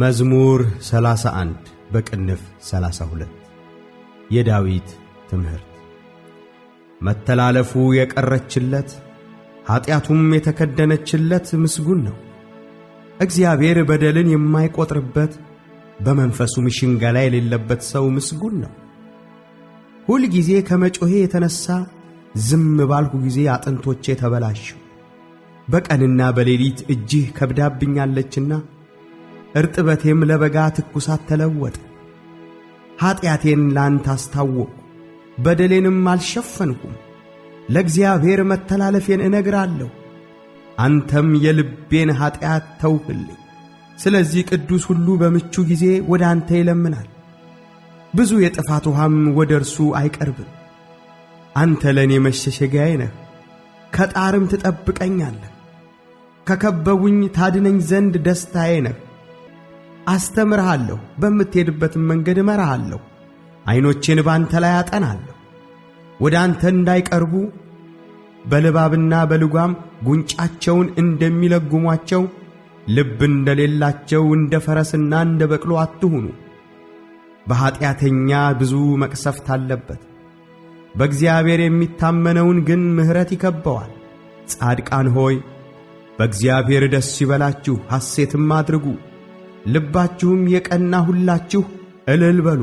መዝሙር 31 በቅንፍ 32 የዳዊት ትምህርት። መተላለፉ የቀረችለት ኀጢአቱም የተከደነችለት ምስጉን ነው። እግዚአብሔር በደልን የማይቈጥርበት በመንፈሱም ሽንገላ የሌለበት ሰው ምስጉን ነው። ሁል ጊዜ ከመጮኼ የተነሣ ዝም ባልሁ ጊዜ አጥንቶቼ ተበላሹ። በቀንና በሌሊት እጅህ ከብዳብኛለችና እርጥበቴም ለበጋ ትኩሳት ተለወጠ። ኀጢአቴን ላንተ አስታወቅሁ፣ በደሌንም አልሸፈንኩም። ለእግዚአብሔር መተላለፌን እነግራለሁ፣ አንተም የልቤን ኀጢአት ተውህልኝ። ስለዚህ ቅዱስ ሁሉ በምቹ ጊዜ ወደ አንተ ይለምናል፣ ብዙ የጥፋት ውሃም ወደ እርሱ አይቀርብም። አንተ ለእኔ መሸሸጊያዬ ነህ፣ ከጣርም ትጠብቀኛለህ። ከከበቡኝ ታድነኝ ዘንድ ደስታዬ ነህ። አስተምርሃለሁ፣ በምትሄድበትም መንገድ እመራሃለሁ። ዐይኖቼን ባንተ ላይ አጠናለሁ። ወደ አንተ እንዳይቀርቡ በልባብና በልጓም ጉንጫቸውን እንደሚለጉሟቸው ልብ እንደሌላቸው እንደ ፈረስና እንደ በቅሎ አትሁኑ። በኀጢአተኛ ብዙ መቅሰፍት አለበት፣ በእግዚአብሔር የሚታመነውን ግን ምሕረት ይከበዋል። ጻድቃን ሆይ በእግዚአብሔር ደስ ይበላችሁ፣ ሐሴትም አድርጉ። ልባችሁም የቀና ሁላችሁ እልል በሉ።